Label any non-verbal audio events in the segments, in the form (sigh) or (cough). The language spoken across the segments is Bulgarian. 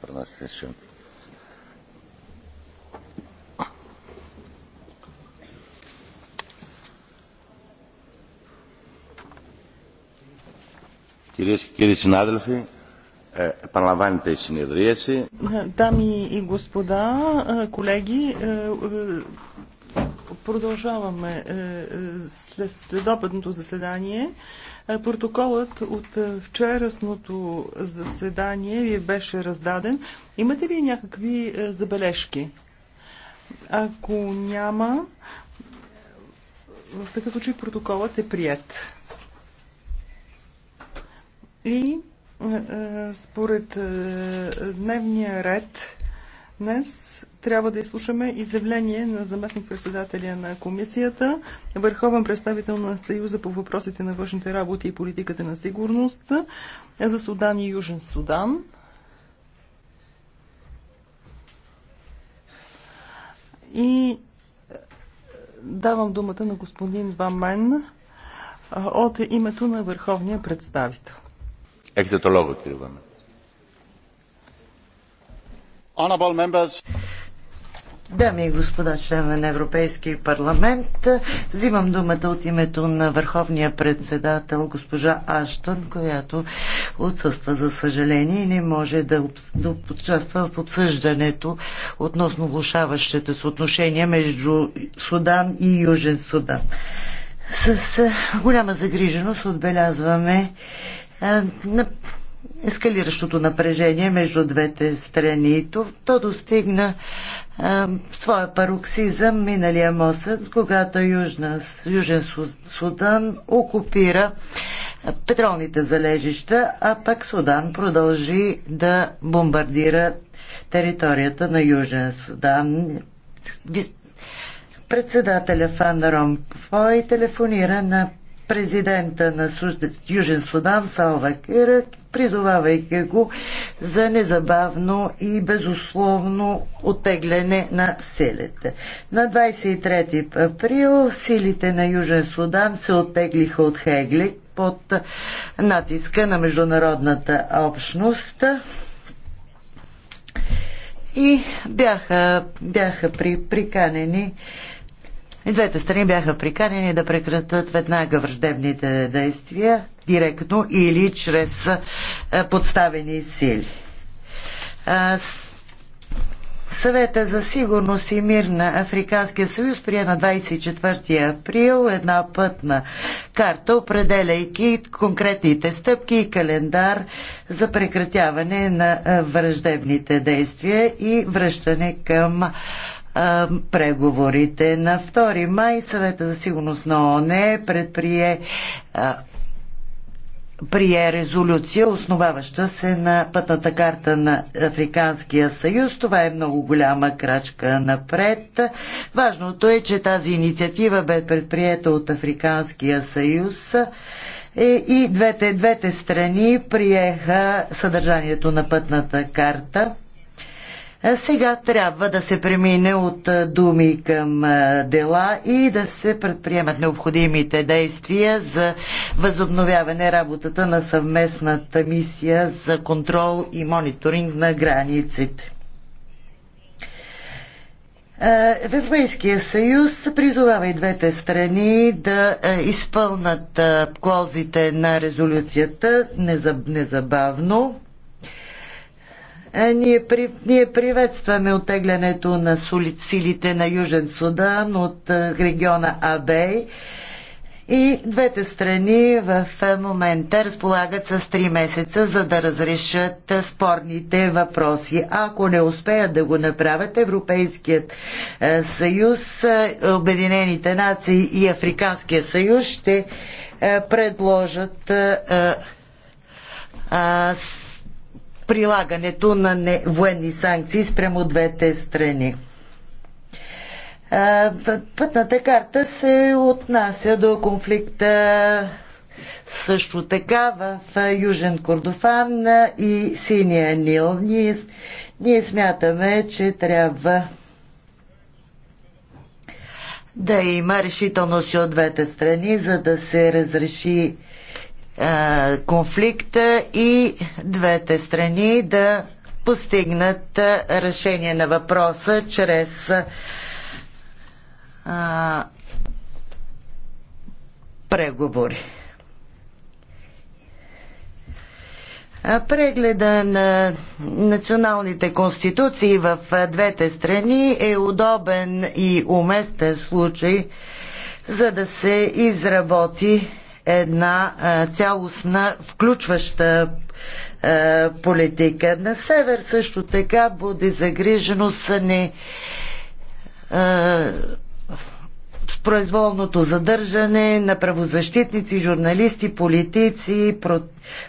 pronunciation. Κυρίες και κύριοι συνάδελφοι, επαναλαμβάνεται η συνεδρίαση. Дами и господа, колеги, продължаваме след следобедното заседание. Протоколът от вчерашното заседание ви беше раздаден. Имате ли някакви забележки? Ако няма, в такъв случай протоколът е прият. И според дневния ред днес трябва да изслушаме изявление на заместник-председателя на комисията, върховен представител на Съюза по въпросите на външните работи и политиката на сигурност за Судан и Южен Судан. И е, давам думата на господин Вамен е, от името на върховния представител. Екзотологът, господин Вамен Дами и господа члена на Европейския парламент, взимам думата от името на върховния председател госпожа Аштън, която отсъства за съжаление и не може да, да участва в обсъждането относно влушаващите се отношения между Судан и Южен Судан. С голяма загриженост отбелязваме на ескалиращото напрежение между двете страни. То, то достигна а, своя пароксизъм миналия мосък, когато Южна, Южен Судан окупира петролните залежища, а пък Судан продължи да бомбардира територията на Южен Судан. Председателя Фан Ромпой телефонира на президента на Южен Судан Салва Кирък призовавайки го за незабавно и безусловно отегляне на силите. На 23 април силите на Южен Судан се отеглиха от Хеглик под натиска на международната общност и бяха, бяха при, приканени и двете страни бяха приканени да прекратят веднага враждебните действия, директно или чрез подставени сили. Съвета за сигурност и мир на Африканския съюз прие на 24 април една пътна карта, определяйки конкретните стъпки и календар за прекратяване на враждебните действия и връщане към преговорите. На 2 май съвета за сигурност на ООН предприе прие резолюция, основаваща се на пътната карта на Африканския съюз. Това е много голяма крачка напред. Важното е, че тази инициатива бе предприета от Африканския съюз е, и двете, двете страни приеха съдържанието на пътната карта сега трябва да се премине от думи към дела и да се предприемат необходимите действия за възобновяване работата на съвместната мисия за контрол и мониторинг на границите. Европейския съюз призовава и двете страни да изпълнат клозите на резолюцията незабавно е, ние, при, ние приветстваме оттеглянето на силите на Южен Судан от е, региона Абей. И двете страни в е, момента разполагат с 3 месеца, за да разрешат спорните въпроси. Ако не успеят да го направят, Европейският съюз, Обединените нации и Африканския съюз ще предложат прилагането на не, военни санкции спрямо двете страни. Пътната карта се отнася до конфликта също така в Южен Кордофан и Синия Нил. Ние, ние смятаме, че трябва да има решителност и от двете страни, за да се разреши е, конфликта и двете страни да постигнат е, решение на въпроса чрез е, а, преговори. Прегледа на националните конституции в двете страни е удобен и уместен случай, за да се изработи една е, цялостна, включваща е, политика. На север също така буди загриженост не е, произволното задържане на правозащитници, журналисти, политици,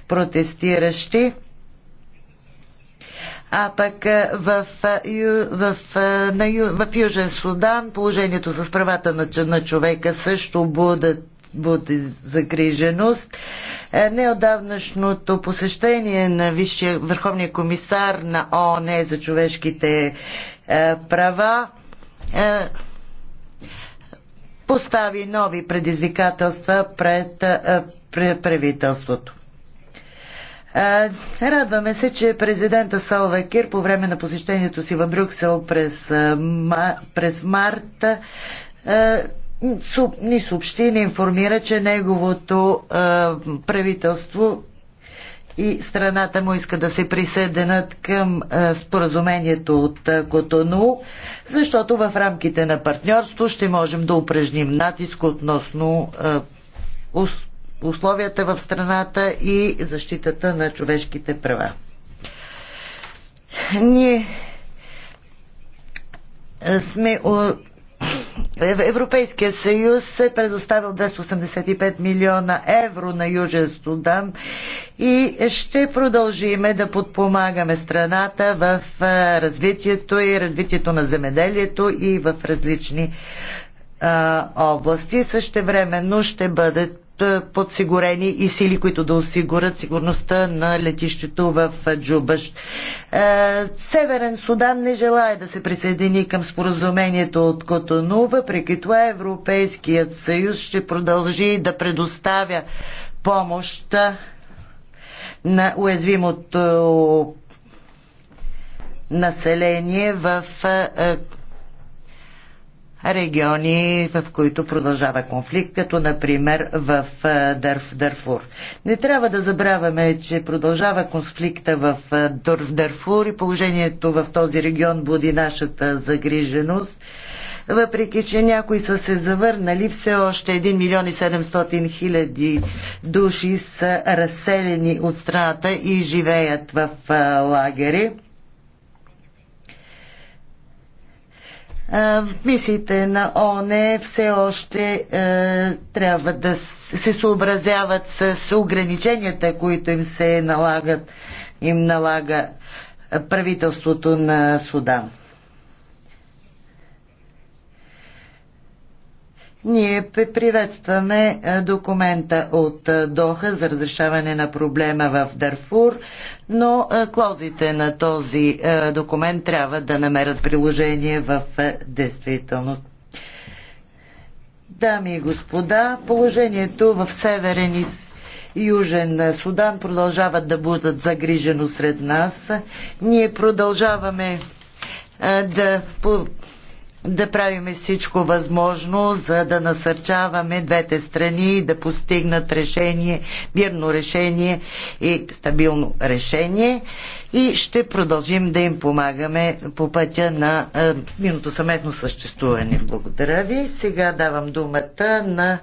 протестиращи. А пък в, в, в, на, в Южен Судан положението с правата на, на човека също будат буди загриженост. Е, неодавнашното посещение на Висшия Върховния комисар на ООН за човешките е, права е, постави нови предизвикателства пред правителството. Радваме се, че президента Салва Кир по време на посещението си в Брюксел през, през март ни съобщи, ни информира, че неговото а, правителство и страната му иска да се присъединят към а, споразумението от а, Котону, защото в рамките на партньорство ще можем да упражним натиск относно а, ус, условията в страната и защитата на човешките права. Ние сме Европейския съюз е предоставил 285 милиона евро на Южен Студан, и ще продължиме да подпомагаме страната в развитието и развитието на земеделието и в различни области. времено ще бъдат е, подсигурени и сили, които да осигурят сигурността на летището в Джубаш. Е, Северен Судан не желая да се присъедини към споразумението от Котону, въпреки това Европейският съюз ще продължи да предоставя помощ е, на уязвимото население в региони, в които продължава конфликт, като например в Дърф, Дърфур. Не трябва да забравяме, че продължава конфликта в Дърф Дърфур и положението в този регион буди нашата загриженост въпреки че някои са се завърнали, все още 1 милион и 700 хиляди души са разселени от страната и живеят в лагери. мисиите на ОНЕ все още е, трябва да се съобразяват с ограниченията, които им се налагат, им налага правителството на Судан. Ние приветстваме е, документа от е, Доха за разрешаване на проблема в Дарфур, но е, клаузите на този документ трябва да намерят приложение в действителност. Дами и господа, положението в Северен и Южен Судан продължават да бъдат загрижено сред нас. Ние продължаваме да да правим всичко възможно, за да насърчаваме двете страни и да постигнат решение, мирно решение и стабилно решение. И ще продължим да им помагаме по пътя на е, миното съметно съществуване. Благодаря ви. Сега давам думата на.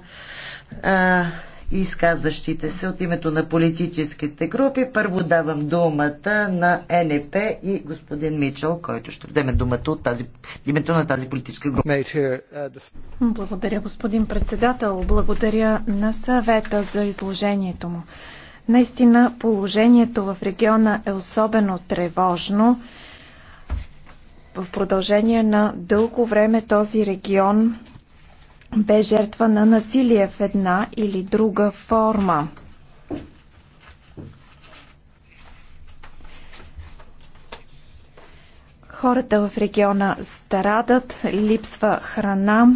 Е, изказващите се от името на политическите групи. Първо давам думата на НП и господин Мичел, който ще вземе думата от тази, името на тази политическа група. Uh, Благодаря, господин председател. Благодаря на съвета за изложението му. Наистина положението в региона е особено тревожно. В продължение на дълго време този регион бе жертва на насилие в една или друга форма. Хората в региона страдат, липсва храна,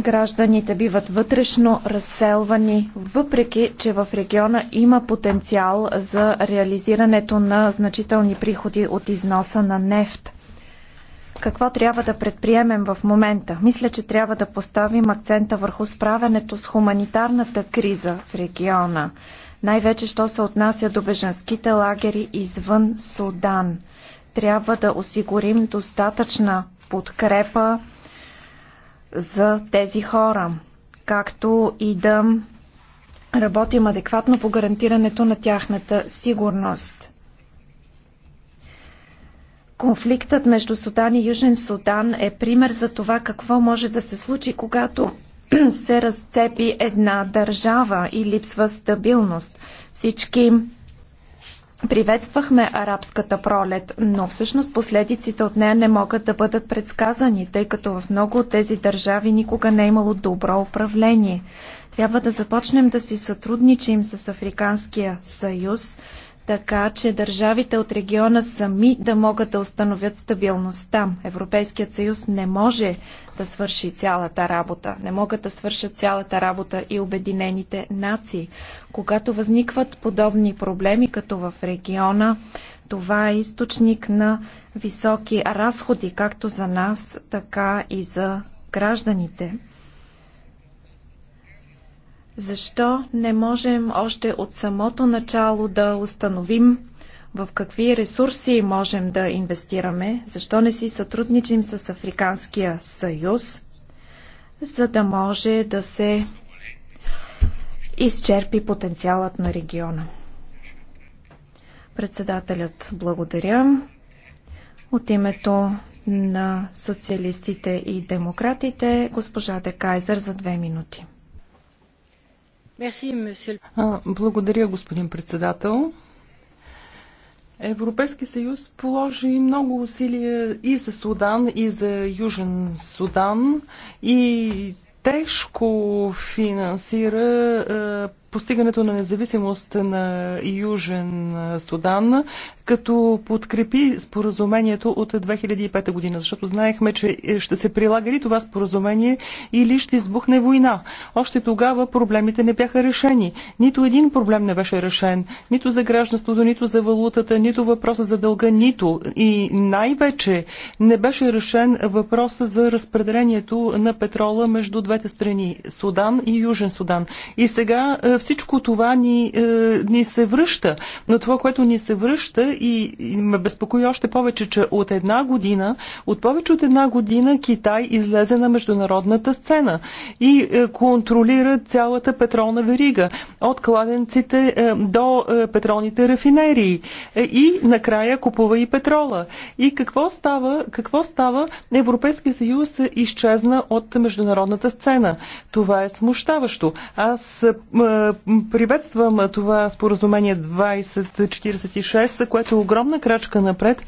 гражданите биват вътрешно разселвани, въпреки че в региона има потенциал за реализирането на значителни приходи от износа на нефт. Какво трябва да предприемем в момента? Мисля, че трябва да поставим акцента върху справянето с хуманитарната криза в региона. Най-вече, що се отнася до беженските лагери извън Судан. Трябва да осигурим достатъчна подкрепа за тези хора, както и да работим адекватно по гарантирането на тяхната сигурност. Конфликтът между Судан и Южен Судан е пример за това какво може да се случи, когато (clears throat) се разцепи една държава и липсва стабилност. Всички приветствахме арабската пролет, но всъщност последиците от нея не могат да бъдат предсказани, тъй като в много от тези държави никога не е имало добро управление. Трябва да започнем да си сътрудничим с Африканския съюз, така че държавите от региона сами да могат да установят стабилността. Европейският съюз не може да свърши цялата работа. Не могат да свършат цялата работа и Обединените нации. Когато възникват подобни проблеми, като в региона, това е източник на високи разходи, както за нас, така и за гражданите. Защо не можем още от самото начало да установим в какви ресурси можем да инвестираме? Защо не си сътрудничим с Африканския съюз, за да може да се изчерпи потенциалът на региона? Председателят благодаря. От името на социалистите и демократите, госпожа Декайзер за две минути. Благодаря, господин председател. Европейски съюз положи много усилия и за Судан, и за Южен Судан и тежко финансира постигането на независимост на Южен Судан, като подкрепи споразумението от 2005 година, защото знаехме, че ще се прилага ли това споразумение или ще избухне война. Още тогава проблемите не бяха решени. Нито един проблем не беше решен. Нито за гражданството, нито за валутата, нито въпроса за дълга, нито. И най-вече не беше решен въпроса за разпределението на петрола между двете страни Судан и Южен Судан. И сега е, всичко това ни, е, ни се връща. Но това, което ни се връща и, и ме безпокои още повече, че от една година, от повече от една година Китай излезе на международната сцена и е, контролира цялата петролна верига. От кладенците е, до петролните рафинерии. И накрая купува и петрола. И какво става? Какво става? Европейския съюз изчезна от международната сцена. Това е смущаващо. Аз Приветствам това споразумение 2046, което е огромна крачка напред,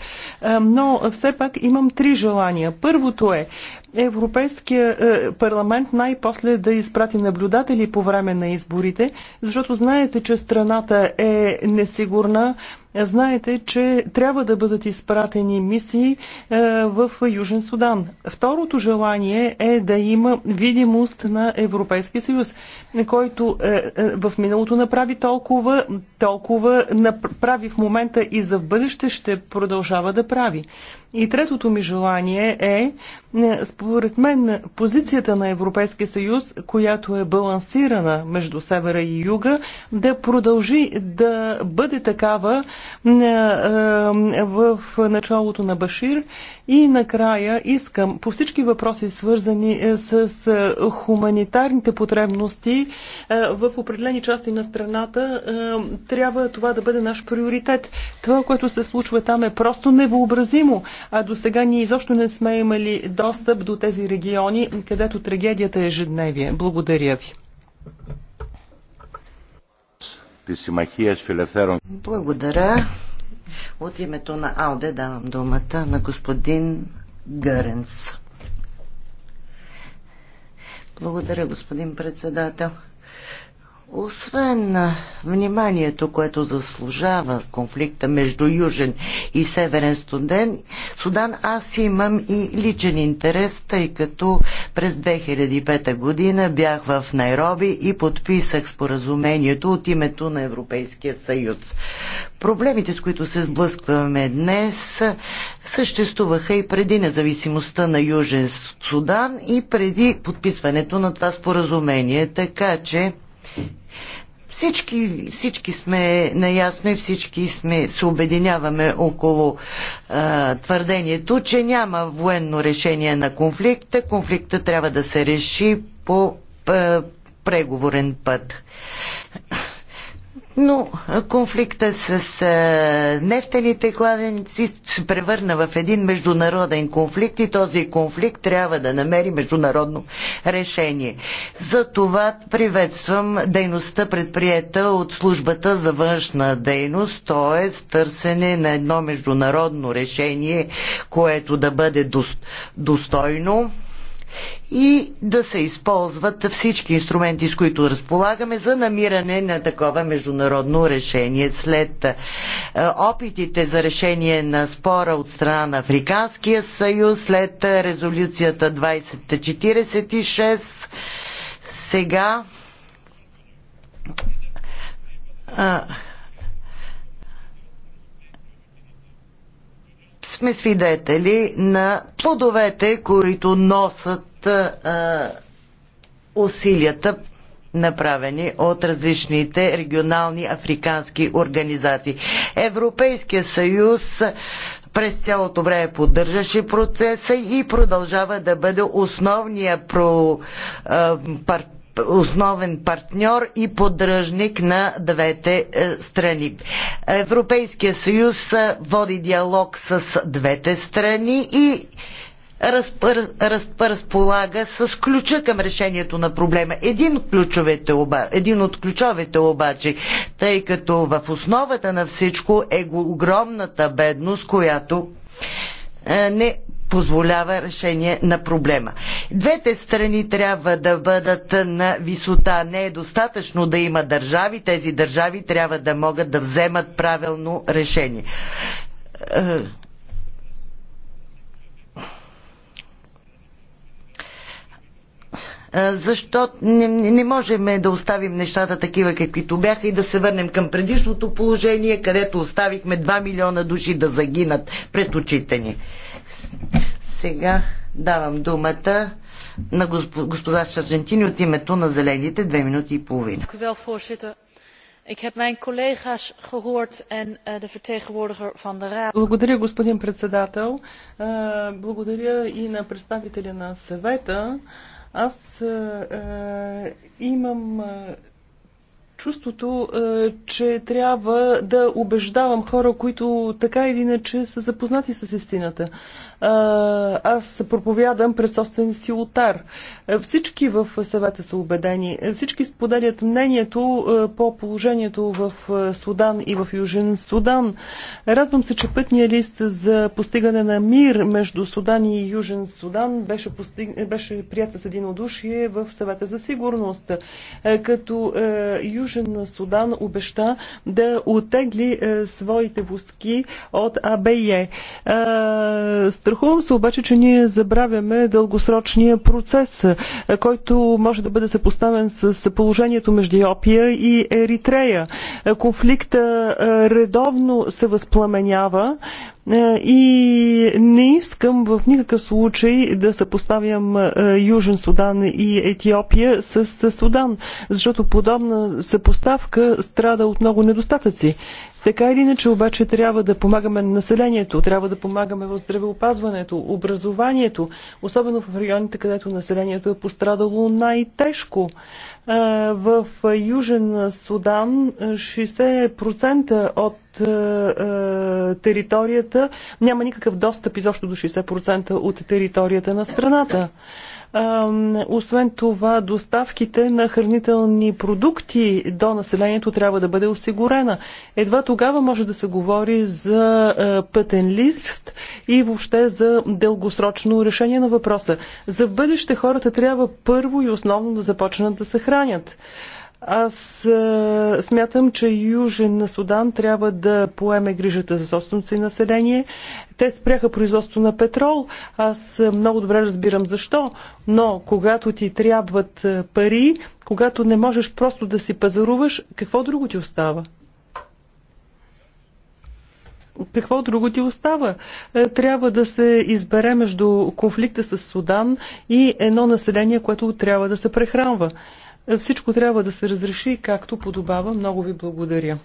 но все пак имам три желания. Първото е Европейския е, парламент най-после да изпрати наблюдатели по време на изборите, защото знаете, че страната е несигурна, Знаете, че трябва да бъдат изпратени мисии е, в Южен Судан. Второто желание е да има видимост на Европейския съюз, който е, е, в миналото направи толкова, толкова направи в момента и за в бъдеще ще продължава да прави. И третото ми желание е според мен позицията на Европейския съюз, която е балансирана между севера и юга, да продължи да бъде такава е, е, в началото на Башир и накрая искам по всички въпроси свързани е, с хуманитарните потребности в определени части на страната, трябва това да бъде наш приоритет. Това, което се случва там е просто невъобразимо, а до сега ние изобщо не сме имали до достъп до тези региони, където трагедията е ежедневие. Благодаря ви. Благодаря. От името на Алде давам думата на господин Гъренс. Благодаря, господин председател. Освен на вниманието, което заслужава конфликта между Южен и Северен студен, Судан, аз имам и личен интерес, тъй като през 2005 година бях в Найроби и подписах споразумението от името на Европейския съюз. Проблемите, с които се сблъскваме днес, съществуваха и преди независимостта на Южен Судан и преди подписването на това споразумение. Така че всички, всички сме наясно и всички сме, се обединяваме около а, твърдението, че няма военно решение на конфликта. Конфликта трябва да се реши по а, преговорен път но конфликта с нефтените кладенци се превърна в един международен конфликт и този конфликт трябва да намери международно решение. За това приветствам дейността предприета от службата за външна дейност, т.е. търсене на едно международно решение, което да бъде достойно и да се използват всички инструменти, с които разполагаме за намиране на такова международно решение. След е, опитите за решение на спора от страна на Африканския съюз, след резолюцията 2046, сега а, е, сме свидетели на плодовете, които носят а, усилията направени от различните регионални африкански организации. Европейския съюз през цялото време поддържаше процеса и продължава да бъде основния про, а, пар, основен партньор и поддръжник на двете е, страни. Европейския съюз е, води диалог с двете страни и разполага с ключа към решението на проблема. Един, оба, един от ключовете обаче, тъй като в основата на всичко е огромната бедност, която е, не позволява решение на проблема. Двете страни трябва да бъдат на висота. Не е достатъчно да има държави. Тези държави трябва да могат да вземат правилно решение. Е, е, защото не, не можем да оставим нещата такива каквито бяха и да се върнем към предишното положение, където оставихме 2 милиона души да загинат пред очите ни. Сега давам думата на госпожа Сарджентини от името на Зелените две минути и половина. Eh, благодаря, господин председател. Е, благодаря и на представителя на съвета. Аз е, е, имам чувството, е, че трябва да убеждавам хора, които така или иначе са запознати с истината аз се проповядам пред собствен си ултар. Всички в съвета са убедени. Всички споделят мнението по положението в Судан и в Южен Судан. Радвам се, че пътния лист за постигане на мир между Судан и Южен Судан беше, постиг... беше прият с единодушие в съвета за сигурност, като Южен Судан обеща да отегли своите войски от АБЕ Страхувам се обаче, че ние забравяме дългосрочния процес, е, който може да бъде съпоставен с положението между Йопия и Еритрея. Конфликта е, редовно се възпламенява и не искам в никакъв случай да съпоставям Южен Судан и Етиопия с Судан, защото подобна съпоставка страда от много недостатъци. Така или иначе обаче трябва да помагаме на населението, трябва да помагаме в здравеопазването, образованието, особено в районите, където населението е пострадало най-тежко. В Южен Судан 60% от територията няма никакъв достъп изобщо до 60% от територията на страната. Освен това, доставките на хранителни продукти до населението трябва да бъде осигурена. Едва тогава може да се говори за пътен лист и въобще за дългосрочно решение на въпроса. За бъдеще хората трябва първо и основно да започнат да се хранят. Аз а, е, смятам, че Южен на Судан трябва да поеме грижата за собственото си население. Те спряха производство на петрол. Аз е, много добре разбирам защо. Но когато ти трябват е, пари, когато не можеш просто да си пазаруваш, какво друго ти остава? Какво друго ти остава? Трябва да се избере между конфликта с Судан и едно население, което трябва да се прехранва. Всичко трябва да се разреши както подобава. Много ви благодаря.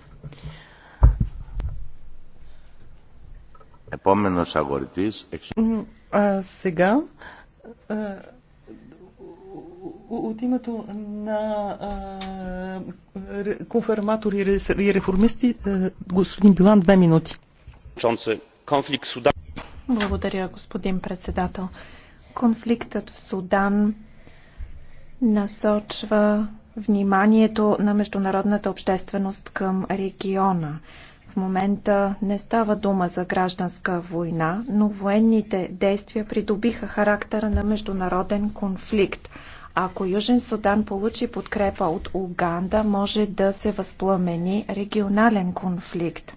А, сега а, от името на конферматори и реформисти господин Билан, две минути. Благодаря, господин председател. Конфликтът в Судан насочва вниманието на международната общественост към региона. В момента не става дума за гражданска война, но военните действия придобиха характера на международен конфликт. Ако Южен Судан получи подкрепа от Уганда, може да се възпламени регионален конфликт.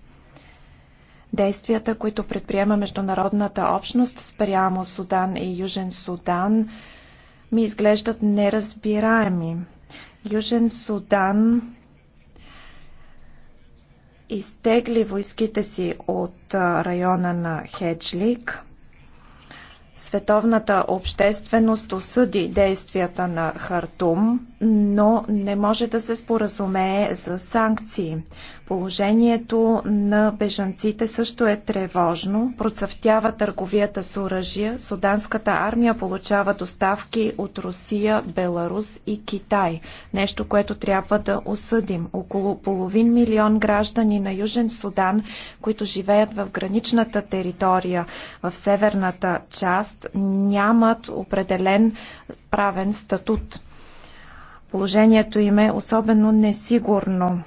Действията, които предприема международната общност спрямо Судан и Южен Судан, ми изглеждат неразбираеми. Южен Судан изтегли войските си от района на Хеджлик. Световната общественост осъди действията на Хартум, но не може да се споразумее за санкции. Положението на бежанците също е тревожно. Процъфтява търговията с оръжия. Суданската армия получава доставки от Русия, Беларус и Китай. Нещо, което трябва да осъдим. Около половин милион граждани на Южен Судан, които живеят в граничната територия, в северната част, нямат определен правен статут. Положението им е особено несигурно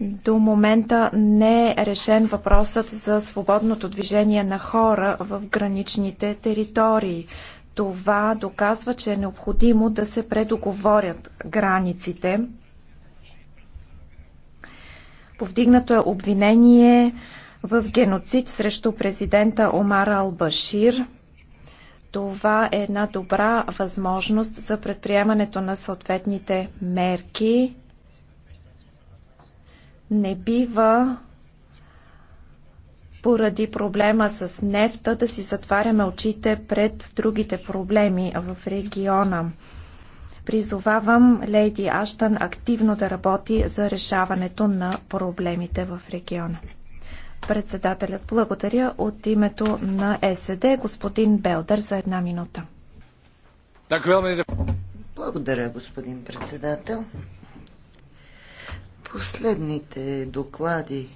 до момента не е решен въпросът за свободното движение на хора в граничните територии. Това доказва, че е необходимо да се предоговорят границите. Повдигнато е обвинение в геноцид срещу президента Омар Албашир. Това е една добра възможност за предприемането на съответните мерки не бива поради проблема с нефта да си затваряме очите пред другите проблеми в региона. Призовавам Лейди Аштън активно да работи за решаването на проблемите в региона. Председателят благодаря от името на СД господин Белдър за една минута. Благодаря, господин председател. Последните доклади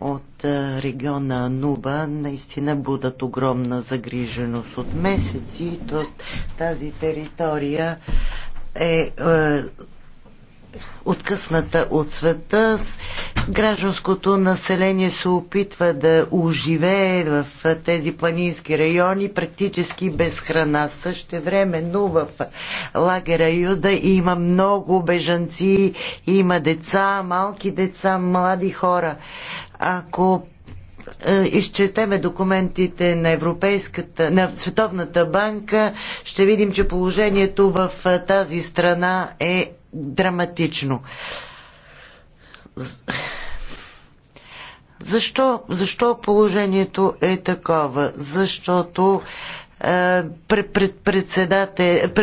от региона Нуба наистина будат огромна загриженост от месеци. Тоест тази територия е, е откъсната от света гражданското население се опитва да оживее в тези планински райони практически без храна. Също време, но в лагера Юда има много бежанци, има деца, малки деца, млади хора. Ако е, изчетеме документите на Европейската, на Световната банка, ще видим, че положението в е, тази страна е драматично. Защо, защо положението е такова? Защото е,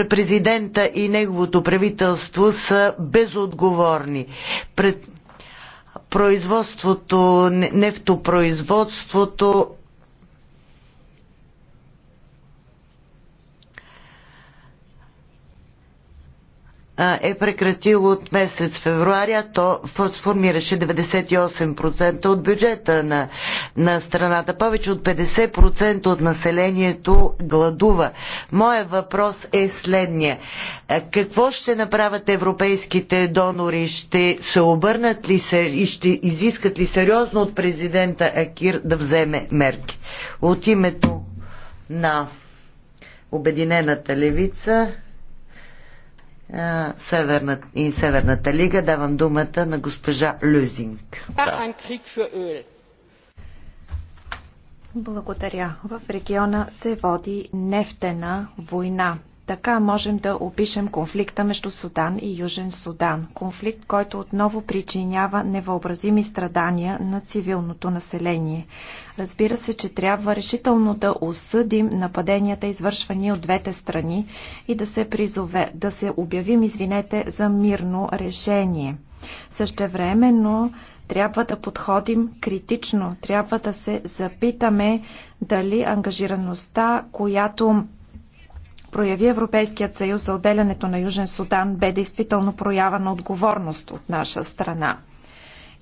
президента и неговото правителство са безотговорни. Пред производството, нефтопроизводството е прекратило от месец февруари, а то формираше 98% от бюджета на, на страната. Повече от 50% от населението гладува. Моя въпрос е следния. Какво ще направят европейските донори? Ще се обърнат ли се и ще изискат ли сериозно от президента Акир да вземе мерки? От името на Обединената левица Северна, и Северната лига. Давам думата на госпожа Люзинг. Благодаря. В региона се води нефтена война. Така можем да опишем конфликта между Судан и Южен Судан. Конфликт, който отново причинява невъобразими страдания на цивилното население. Разбира се, че трябва решително да осъдим нападенията, извършвани от двете страни и да се призове, да се обявим, извинете, за мирно решение. Същевременно трябва да подходим критично, трябва да се запитаме дали ангажираността, която прояви Европейският съюз за отделянето на Южен Судан бе действително проява на отговорност от наша страна.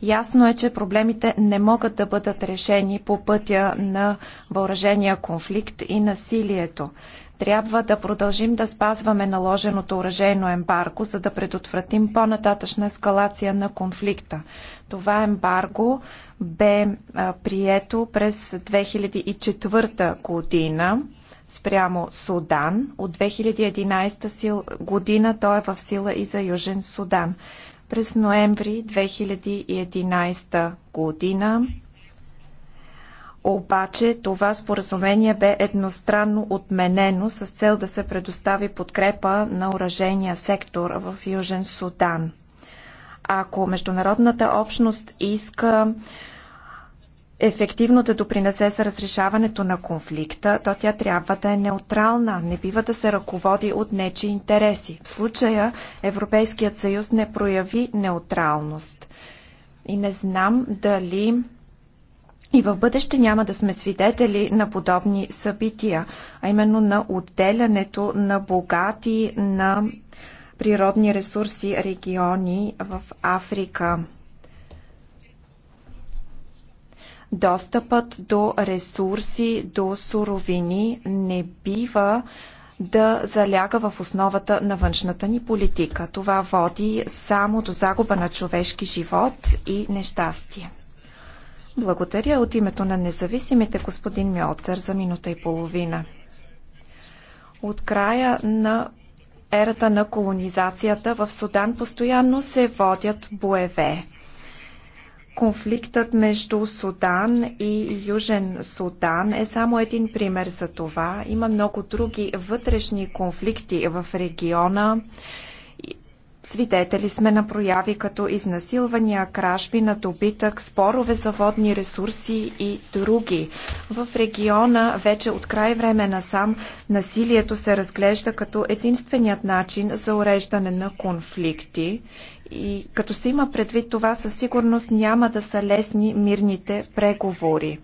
Ясно е, че проблемите не могат да бъдат решени по пътя на въоръжения конфликт и насилието. Трябва да продължим да спазваме наложеното оръжейно ембарго, за да предотвратим по-нататъчна ескалация на конфликта. Това ембарго бе прието през 2004 година спрямо Судан. От 2011 година той е в сила и за Южен Судан. През ноември 2011 година обаче това споразумение бе едностранно отменено с цел да се предостави подкрепа на оръжения сектор в Южен Судан. Ако международната общност иска ефективно да допринесе с разрешаването на конфликта, то тя трябва да е неутрална, не бива да се ръководи от нечи интереси. В случая Европейският съюз не прояви неутралност. И не знам дали и в бъдеще няма да сме свидетели на подобни събития, а именно на отделянето на богати на природни ресурси региони в Африка. Достъпът до ресурси, до суровини не бива да заляга в основата на външната ни политика. Това води само до загуба на човешки живот и нещастие. Благодаря от името на независимите господин Мьоцер за минута и половина. От края на ерата на колонизацията в Судан постоянно се водят боеве. Конфликтът между Судан и Южен Судан е само един пример за това. Има много други вътрешни конфликти в региона. Свидетели сме на прояви като изнасилвания, кражби на добитък, спорове за водни ресурси и други. В региона вече от край време насам насилието се разглежда като единственият начин за уреждане на конфликти и като се има предвид това, със сигурност няма да са лесни мирните преговори.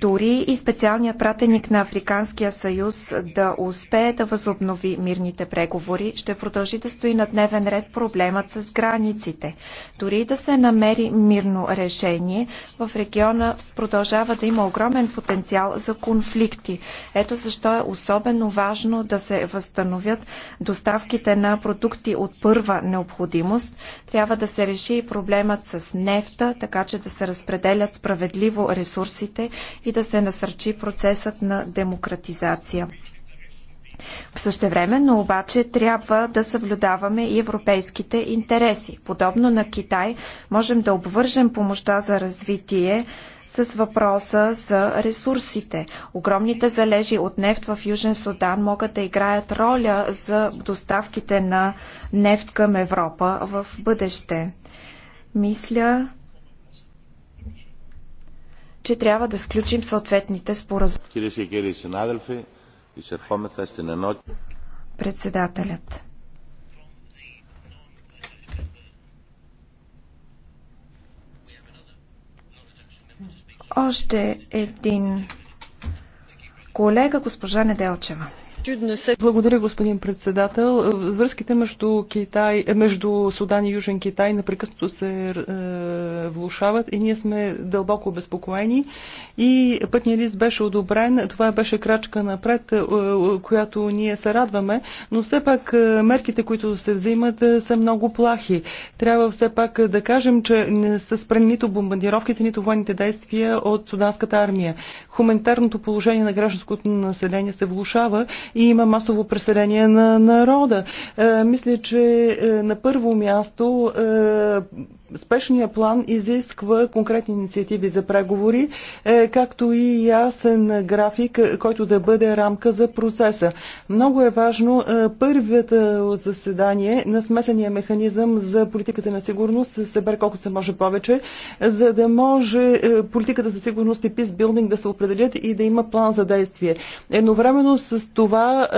Дори и специалният пратеник на Африканския съюз да успее да възобнови мирните преговори, ще продължи да стои на дневен ред проблемът с границите. Дори да се намери мирно решение, в региона продължава да има огромен потенциал за конфликти. Ето защо е особено важно да се възстановят доставките на продукти от първа необходимост, трябва да се реши и проблемът с нефта, така че да се разпределят справедливо ресурсите и да се насърчи процесът на демократизация. В същевременно обаче трябва да съблюдаваме и европейските интереси. Подобно на Китай, можем да обвържем помощта за развитие с въпроса за ресурсите. Огромните залежи от нефт в Южен Судан могат да играят роля за доставките на нефт към Европа в бъдеще. Мисля, че трябва да сключим съответните споразумения. Председателят Още един колега, госпожа Неделчева. Благодаря, господин председател. Връзките между, Китай, е, между Судан и Южен Китай напрекъснато се е, влушават и ние сме дълбоко обезпокоени. И пътният лист беше одобрен. Това беше крачка напред, е, която ние се радваме, но все пак е, мерките, които се взимат, са много плахи. Трябва все пак да кажем, че не са спрени нито бомбардировките, нито военните действия от суданската армия. Хуманитарното положение на гражданското население се влушава и има масово преселение на народа. Е, мисля, че е, на първо място е, Спешния план изисква конкретни инициативи за преговори, е, както и ясен график, който да бъде рамка за процеса. Много е важно е, първото заседание на смесения механизъм за политиката на сигурност се събере колко се може повече, за да може е, политиката за сигурност и писбилдинг да се определят и да има план за действие. Едновременно с това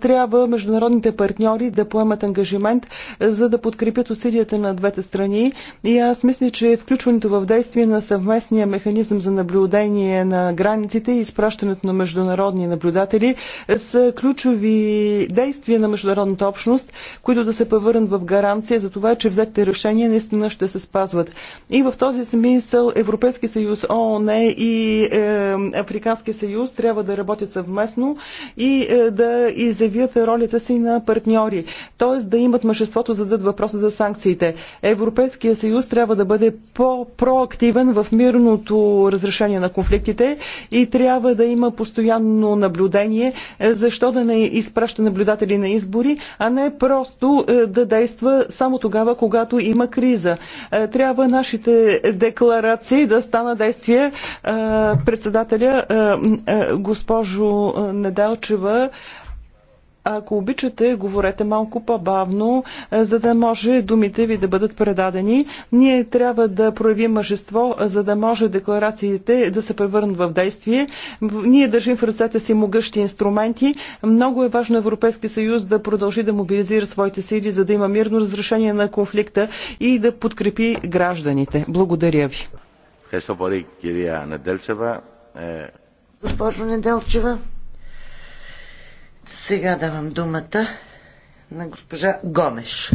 трябва международните партньори да поемат ангажимент, за да подкрепят усилията на двете страни и аз мисля, че включването в действие на съвместния механизъм за наблюдение на границите и изпращането на международни наблюдатели са ключови действия на международната общност, които да се повърнат в гаранция за това, че взетите решения наистина ще се спазват. И в този смисъл Европейски съюз, ООН и е, Африкански съюз трябва да работят съвместно и е, да изявят ролята си на партньори. Тоест да имат мъжеството зададат въпроса за санкциите. Европейския съюз съюз трябва да бъде по-проактивен в мирното разрешение на конфликтите и трябва да има постоянно наблюдение, е, защо да не изпраща наблюдатели на избори, а не просто е, да действа само тогава, когато има криза. Е, трябва нашите декларации да стана действие. Председателя, госпожо Недалчева, ако обичате, говорете малко по-бавно, е, за да може думите ви да бъдат предадени. Ние трябва да проявим мъжество, за да може декларациите да се превърнат в действие. Ние държим в ръцете си могъщи инструменти. Много е важно Европейски съюз да продължи да мобилизира своите сили, за да има мирно разрешение на конфликта и да подкрепи гражданите. Благодаря ви. Е, Госпожо Неделчева, сега давам думата на госпожа Гомеш.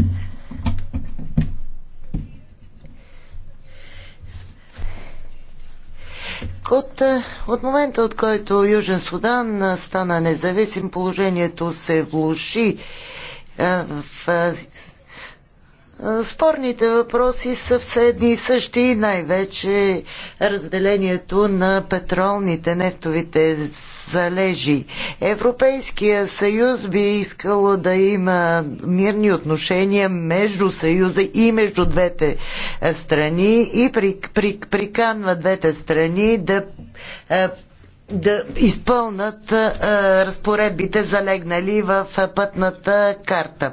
От, е, от момента, от който Южен Судан е, стана независим, положението се влуши. Е, в, Спорните въпроси са все едни и същи, най-вече разделението на петролните, нефтовите залежи. Европейския съюз би искало да има мирни отношения между съюза и между двете страни и при, при, приканва двете страни да да изпълнат разпоредбите залегнали в пътната карта.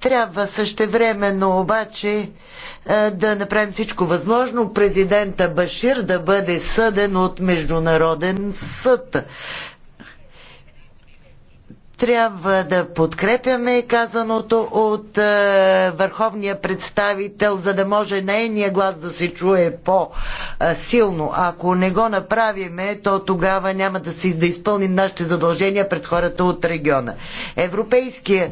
Трябва същевременно обаче да направим всичко възможно президента Башир да бъде съден от Международен съд трябва да подкрепяме казаното от е, върховния представител, за да може нейния глас да се чуе по-силно. Ако не го направиме, то тогава няма да, да изпълним нашите задължения пред хората от региона. Европейския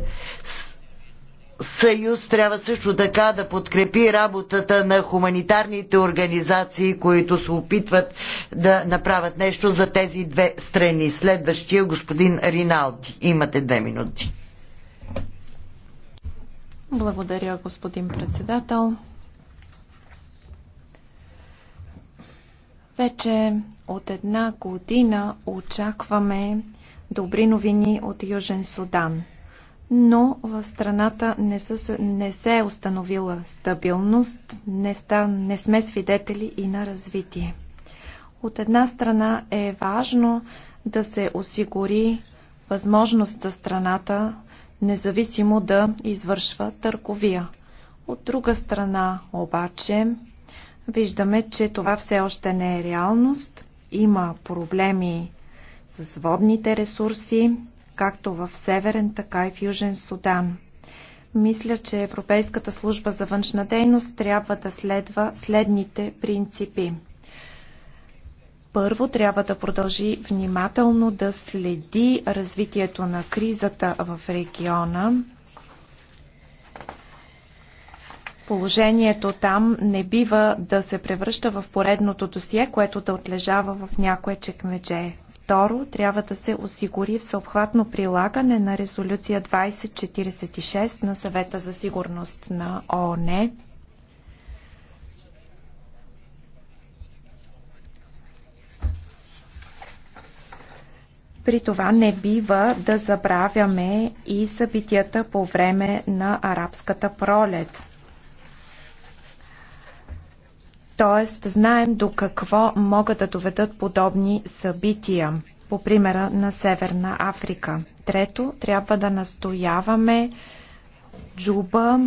съюз трябва също така да подкрепи работата на хуманитарните организации, които се опитват да направят нещо за тези две страни. Следващия господин Риналди. Имате две минути. Благодаря, господин председател. Вече от една година очакваме добри новини от Южен Судан – но в страната не, са, не се е установила стабилност, не, ста, не сме свидетели и на развитие. От една страна е важно да се осигури възможност за страната независимо да извършва търговия. От друга страна обаче виждаме, че това все още не е реалност. Има проблеми с водните ресурси, както в Северен, така и в Южен Судан. Мисля, че Европейската служба за външна дейност трябва да следва следните принципи. Първо, трябва да продължи внимателно да следи развитието на кризата в региона, положението там не бива да се превръща в поредното досие, което да отлежава в някое чекмедже. Второ, трябва да се осигури всеобхватно прилагане на резолюция 2046 на съвета за сигурност на ООН. При това не бива да забравяме и събитията по време на арабската пролет. Т.е. знаем до какво могат да доведат подобни събития, по примера на Северна Африка. Трето, трябва да настояваме Джуба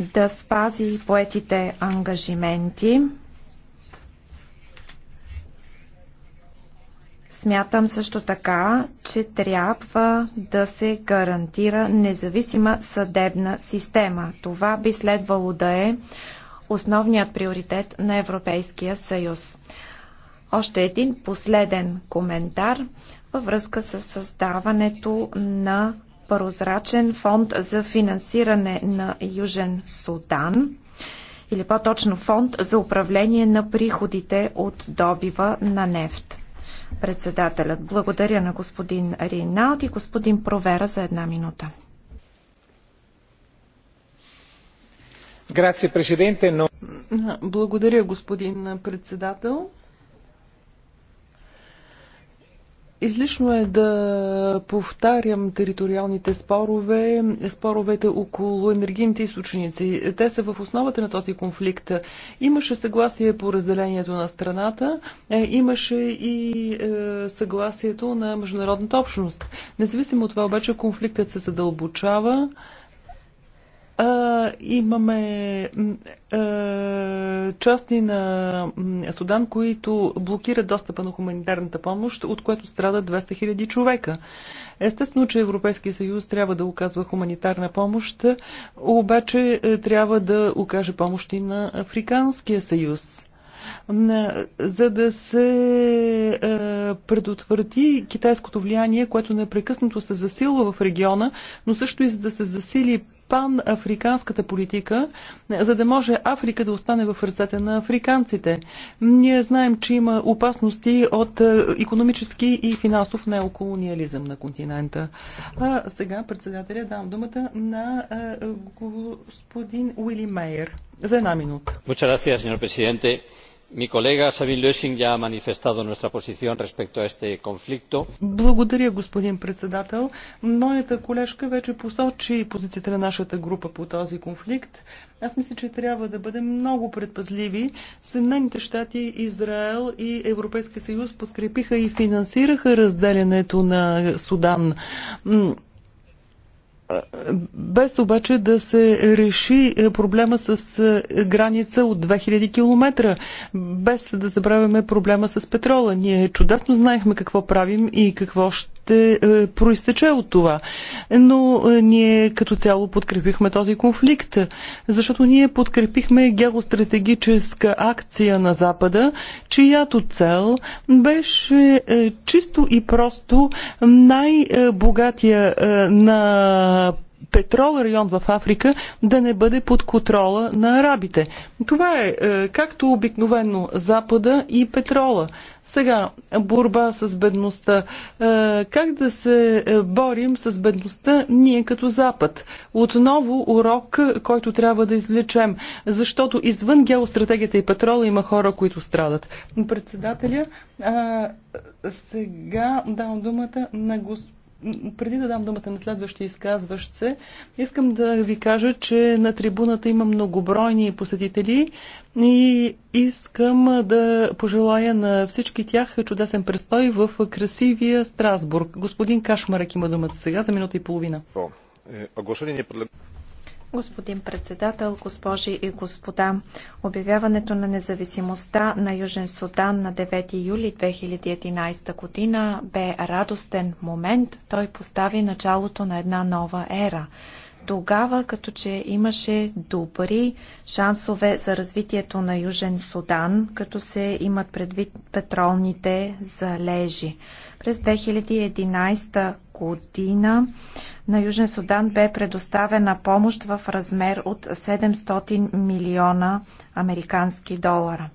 да спази поетите ангажименти. Смятам също така, че трябва да се гарантира независима съдебна система. Това би следвало да е основният приоритет на Европейския съюз. Още един последен коментар във връзка с създаването на прозрачен фонд за финансиране на Южен Судан или по-точно фонд за управление на приходите от добива на нефт. Председателят, благодаря на господин и господин Провера за една минута. Благодаря, господин председател. Излишно е да повтарям териториалните спорове, споровете около енергийните източници. Те са в основата на този конфликт. Имаше съгласие по разделението на страната, е, имаше и е, съгласието на международната общност. Независимо от това обаче конфликтът се задълбочава а, имаме а, части на Судан, които блокират достъпа на хуманитарната помощ, от което страдат 200 000 човека. Естествено, че Европейския съюз трябва да оказва хуманитарна помощ, обаче е, трябва да окаже помощ и на Африканския съюз за да се е, предотврати китайското влияние, което непрекъснато се засилва в региона, но също и за да се засили панафриканската политика, за да може Африка да остане в ръцете на африканците. Ние знаем, че има опасности от економически и финансов неоколониализъм на континента. А сега председателя дам думата на е, господин Уили Мейер за една минута. Благодаря, господин президент mi colega sabine lsing ya ha manifestado nuestra posición respecto a este conflicto. Благодаря, господин председател. Моята колежка вече посочи позицията на нашата група по този конфликт. Аз мисля, че трябва да бъдем много предпазливи. Съединените щати, Израел и Европейския съюз подкрепиха и финансираха разделянето на Судан без обаче да се реши е, проблема с е, граница от 2000 км, без да забравяме проблема с петрола. Ние чудесно знаехме какво правим и какво ще ще е, проистече от това. Но е, ние като цяло подкрепихме този конфликт, защото ние подкрепихме геостратегическа акция на Запада, чиято цел беше е, чисто и просто най-богатия е, на петрол район в Африка да не бъде под контрола на арабите. Това е, е както обикновено Запада и петрола. Сега, борба с бедността. Е, как да се е, борим с бедността ние като Запад? Отново урок, който трябва да излечем, защото извън геостратегията и петрола има хора, които страдат. Председателя, сега давам думата на господин преди да дам думата на следващия изказващ се, искам да ви кажа, че на трибуната има многобройни посетители и искам да пожелая на всички тях чудесен престой в красивия Страсбург. Господин Кашмарък има думата сега за минута и половина. Е, Господин председател, госпожи и господа, обявяването на независимостта на Южен Судан на 9 юли 2011 година бе радостен момент. Той постави началото на една нова ера. Тогава, като че имаше добри шансове за развитието на Южен Судан, като се имат предвид петролните залежи. През 2011 година година на Южен Судан бе предоставена помощ в размер от 700 милиона американски долара.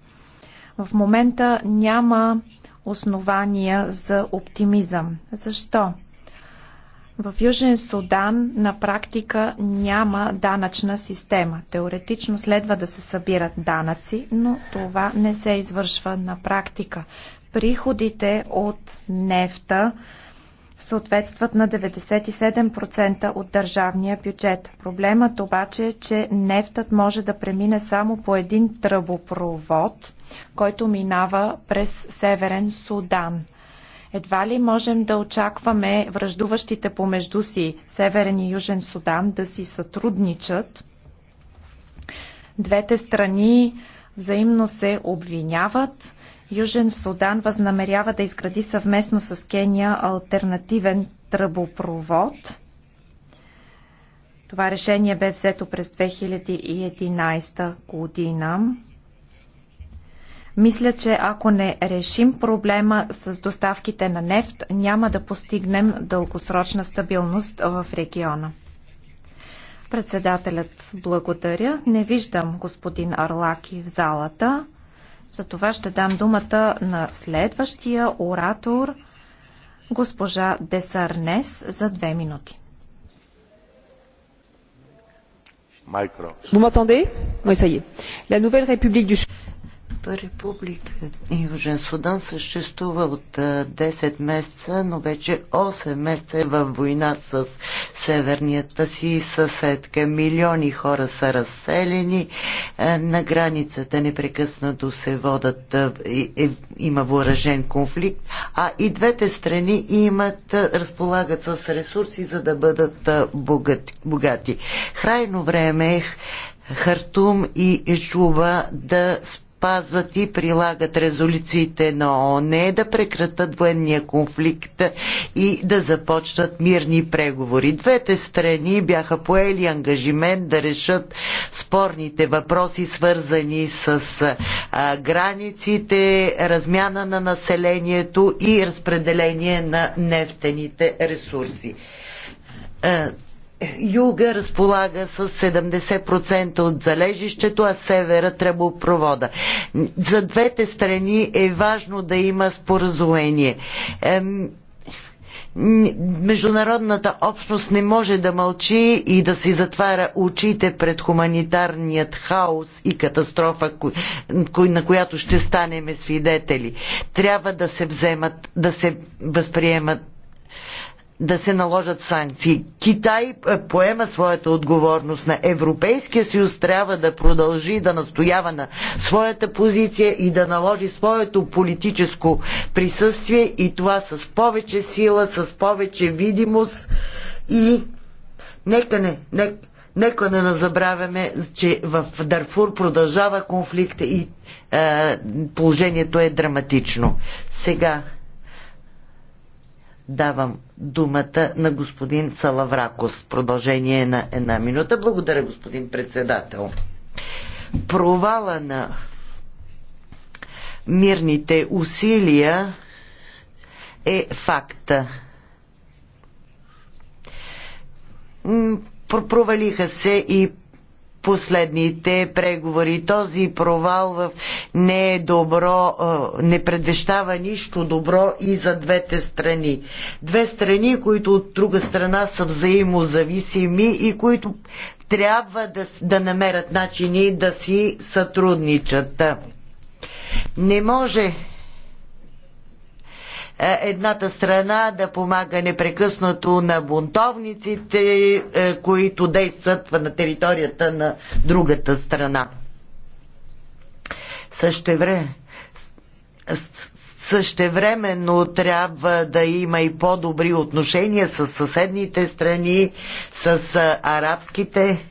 В момента няма основания за оптимизъм. Защо? В Южен Судан на практика няма данъчна система. Теоретично следва да се събират данъци, но това не се извършва на практика. Приходите от нефта съответстват на 97% от държавния бюджет. Проблемът обаче е, че нефтът може да премине само по един тръбопровод, който минава през Северен Судан. Едва ли можем да очакваме връждуващите помежду си Северен и Южен Судан да си сътрудничат? Двете страни взаимно се обвиняват, Южен Судан възнамерява да изгради съвместно с Кения альтернативен тръбопровод. Това решение бе взето през 2011 година. Мисля, че ако не решим проблема с доставките на нефт, няма да постигнем дългосрочна стабилност в региона. Председателят благодаря. Не виждам господин Арлаки в залата. За това ще дам думата на следващия оратор, госпожа Десарнес, за две минути. Майкро. Vous m'entendez Oui, ça y est. La Nouvelle République du Sud. Република Южен Судан съществува от 10 месеца, но вече 8 месеца е във война с северният си съседка. Милиони хора са разселени на границата. Непрекъснато се водат, има въоръжен конфликт, а и двете страни имат, разполагат с ресурси, за да бъдат богати. Храйно време е Хартум и Жуба да спрят спазват и прилагат резолюциите на ООН, е да прекратат военния конфликт и да започнат мирни преговори. Двете страни бяха поели ангажимент да решат спорните въпроси, свързани с а, границите, размяна на населението и разпределение на нефтените ресурси юга разполага с 70% от залежището, а севера тръбопровода. За двете страни е важно да има споразумение. Международната общност не може да мълчи и да си затваря очите пред хуманитарният хаос и катастрофа, на която ще станем свидетели. Трябва да се вземат, да се възприемат да се наложат санкции. Китай е, поема своята отговорност на Европейския съюз, трябва да продължи да настоява на своята позиция и да наложи своето политическо присъствие и това с повече сила, с повече видимост и нека не, не, нека не назабравяме, че в Дарфур продължава конфликт и е, положението е драматично. Сега Давам думата на господин Салавракос. Продължение на една минута. Благодаря, господин председател. Провала на мирните усилия е факта. Провалиха се и последните преговори. Този провал в не е добро, не предвещава нищо добро и за двете страни. Две страни, които от друга страна са взаимозависими и които трябва да, да намерят начини да си сътрудничат. Не може е, едната страна да помага непрекъснато на бунтовниците, е, които действат на територията на другата страна. Също време Същевременно трябва да има и по-добри отношения с съседните страни, с арабските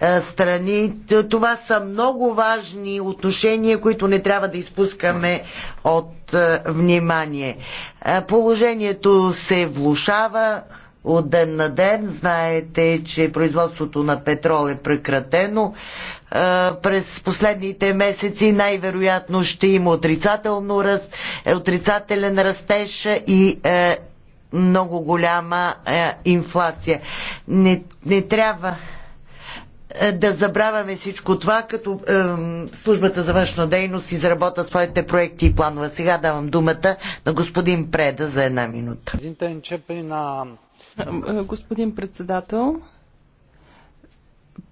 е, страни. Това са много важни отношения, които не трябва да изпускаме от е, внимание. Е, положението се влушава от ден на ден. Знаете, че производството на петрол е прекратено. През последните месеци най-вероятно ще има отрицателно отрицателен растеж и много голяма инфлация. Не, не трябва е, да забравяме всичко това, като е, службата за външна дейност изработа своите проекти и планове. Сега давам думата на господин Преда за една минута. Господин председател,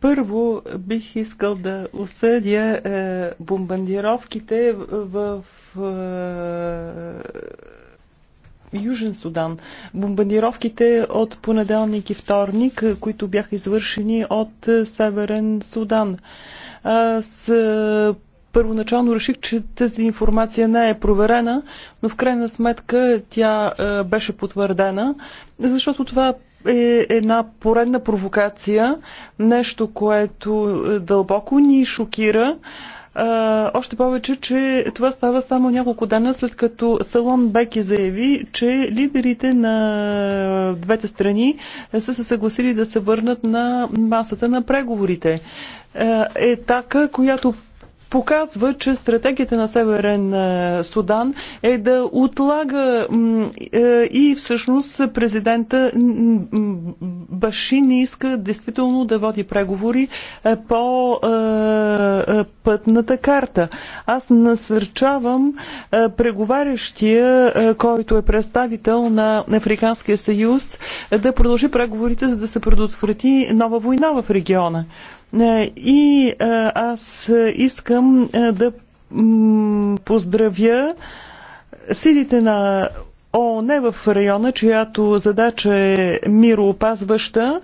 първо бих искал да осъдя е, бомбандировките в. Е, Южен Судан. Бомбардировките от понеделник и вторник, които бяха извършени от Северен Судан. с първоначално реших, че тази информация не е проверена, но в крайна сметка тя беше потвърдена, защото това е една поредна провокация, нещо, което дълбоко ни шокира. Още повече, че това става само няколко дена след като Салон Беки заяви, че лидерите на двете страни са се съгласили да се върнат на масата на преговорите етака, която показва, че стратегията на Северен е, Судан е да отлага е, и всъщност президента Баши не иска действително да води преговори е, по пътната карта. Аз насърчавам преговарящия, който е представител на Африканския съюз, да продължи преговорите, за да се предотврати нова война в региона. Е, и е, аз искам е, да поздравя силите на ООН в района, чиято задача е мироопазваща.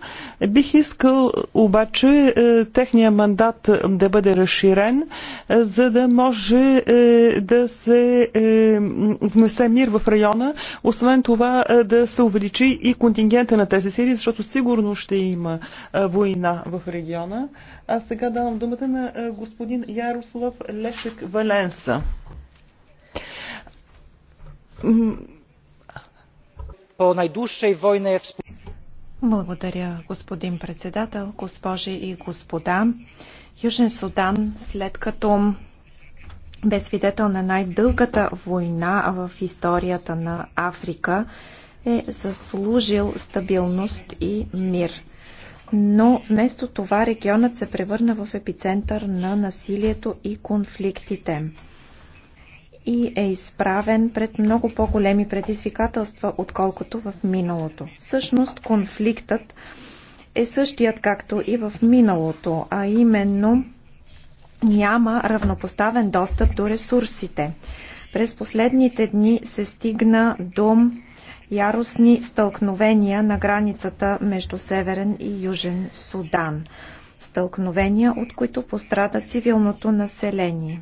Бих искал обаче е, техния мандат е, да бъде разширен, е, за да може да се внесе мир в района. Освен това да се увеличи и контингента на тези сили, защото сигурно ще има война в региона. А сега давам думата на господин Ярослав Лешек Валенса по най-душшей войне в Благодаря, господин председател, госпожи и господа. Южен Судан, след като бе свидетел на най-дългата война в историята на Африка, е заслужил стабилност и мир. Но вместо това регионът се превърна в епицентър на насилието и конфликтите и е изправен пред много по-големи предизвикателства, отколкото в миналото. Всъщност конфликтът е същият както и в миналото, а именно няма равнопоставен достъп до ресурсите. През последните дни се стигна до яростни стълкновения на границата между Северен и Южен Судан. Стълкновения, от които пострада цивилното население.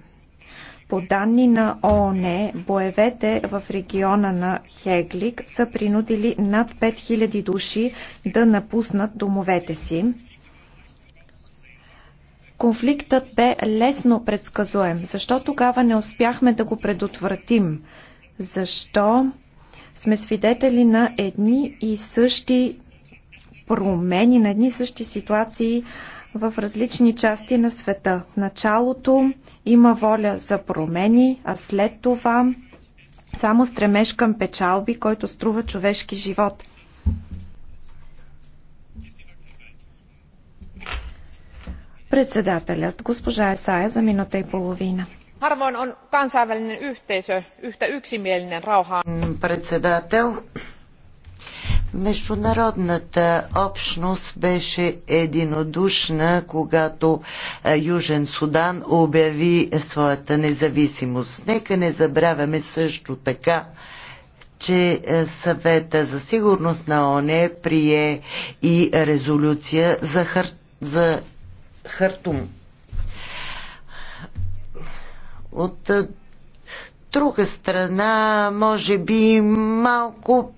По данни на ООН, боевете в региона на Хеглик са принудили над 5000 души да напуснат домовете си. Конфликтът бе лесно предсказуем. Защо тогава не успяхме да го предотвратим? Защо сме свидетели на едни и същи промени, на едни и същи ситуации в различни части на света. В началото има воля за промени, а след това само стремеж към печалби, който струва човешки живот. Председателят, госпожа Есая, за минута и половина. Harvoin on kansainvälinen yhteisö yhtä yksimielinen Председател, Международната общност беше единодушна, когато е, Южен Судан обяви своята независимост. Нека не забравяме също така, че е, съвета за сигурност на ОНЕ прие и резолюция за, хар... за Хартум. От е, друга страна, може би малко,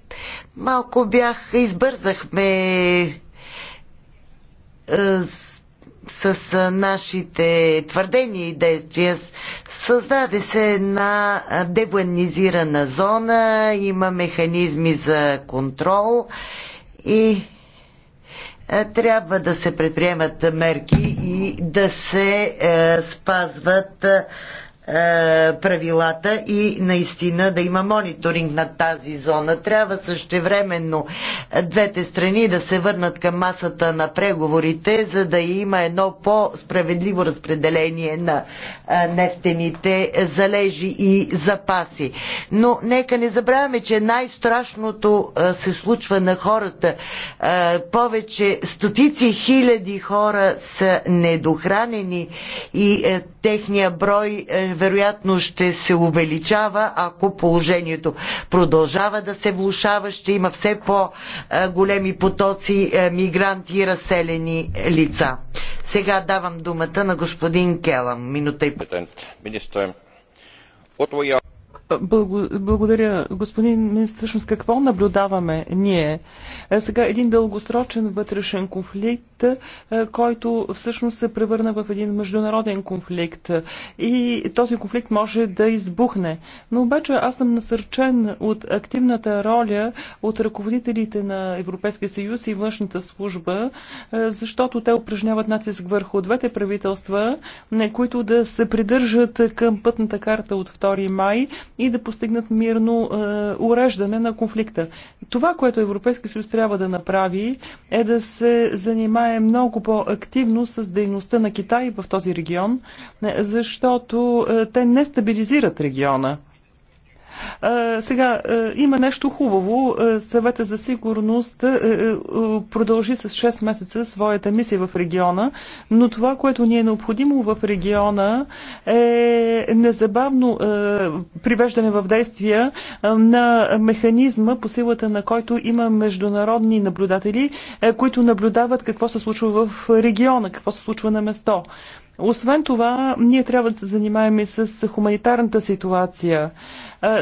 малко бях, избързахме е, с, с е, нашите твърдения и действия. Създаде се една девоенизирана зона, има механизми за контрол и е, трябва да се предприемат мерки и да се е, спазват е, е, правилата и наистина да има мониторинг на тази зона. Трябва същевременно двете страни да се върнат към масата на преговорите, за да има едно по-справедливо разпределение на е, нефтените залежи и запаси. Но нека не забравяме, че най-страшното е, се случва на хората. Повече стотици хиляди хора са недохранени и техния брой вероятно ще се увеличава, ако положението продължава да се влушава, ще има все по-големи потоци е, мигранти и разселени лица. Сега давам думата на господин Келам. Минута и благодаря, господин министр. Всъщност какво наблюдаваме ние? Е, сега един дългосрочен вътрешен конфликт, е, който всъщност се превърна в един международен конфликт. И този конфликт може да избухне. Но обаче аз съм насърчен от активната роля от ръководителите на Европейския съюз и външната служба, е, защото те упражняват натиск върху двете правителства, които да се придържат към пътната карта от 2 май и да постигнат мирно е, уреждане на конфликта. Това, което Европейски съюз трябва да направи, е да се занимае много по-активно с дейността на Китай в този регион, е, защото е, те не стабилизират региона. Сега има нещо хубаво. Съвета за сигурност продължи с 6 месеца своята мисия в региона, но това, което ни е необходимо в региона е незабавно привеждане в действия на механизма, по силата на който има международни наблюдатели, които наблюдават какво се случва в региона, какво се случва на место. Освен това, ние трябва да се занимаем и с хуманитарната ситуация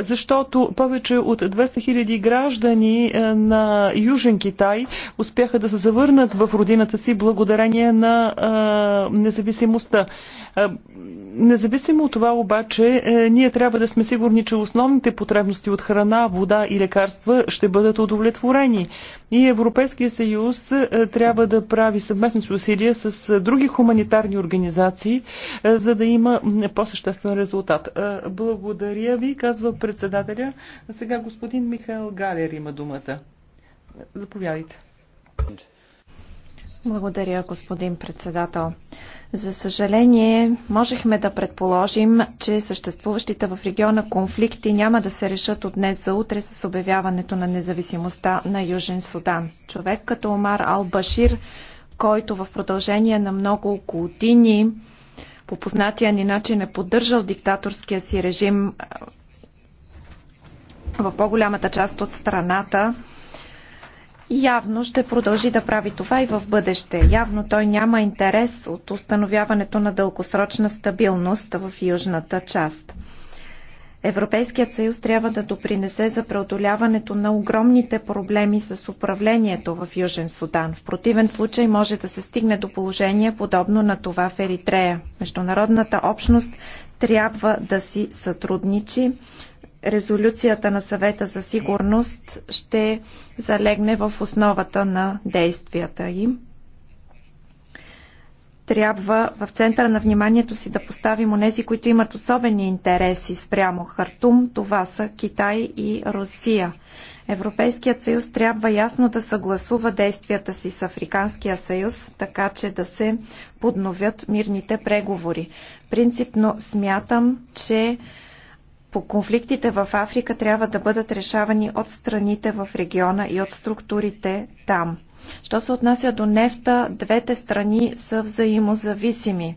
защото повече от 200 000 граждани на Южен Китай успяха да се завърнат в родината си благодарение на независимостта. Независимо от това обаче, е, ние трябва да сме сигурни, че основните потребности от храна, вода и лекарства ще бъдат удовлетворени. И Европейския съюз е, трябва да прави съвместни усилия с е, други хуманитарни организации, за да има по-съществен резултат. Благодаря ви, казва председателя. Сега господин Михаил Галер има думата. Заповядайте. Благодаря, господин председател. За съжаление, можехме да предположим, че съществуващите в региона конфликти няма да се решат от днес за утре с обявяването на независимостта на Южен Судан. Човек като Омар Ал-Башир, който в продължение на много години по познатия ни начин е поддържал диктаторския си режим в по-голямата част от страната, явно ще продължи да прави това и в бъдеще. Явно той няма интерес от установяването на дългосрочна стабилност в южната част. Европейският съюз трябва да допринесе за преодоляването на огромните проблеми с управлението в Южен Судан. В противен случай може да се стигне до положение подобно на това в Еритрея. Международната общност трябва да си сътрудничи. Резолюцията на съвета за сигурност ще залегне в основата на действията им трябва в центъра на вниманието си да поставим онези, които имат особени интереси спрямо Хартум. Това са Китай и Русия. Европейският съюз трябва ясно да съгласува действията си с Африканския съюз, така че да се подновят мирните преговори. Принципно смятам, че по конфликтите в Африка трябва да бъдат решавани от страните в региона и от структурите там. Що се отнася до нефта, двете страни са взаимозависими.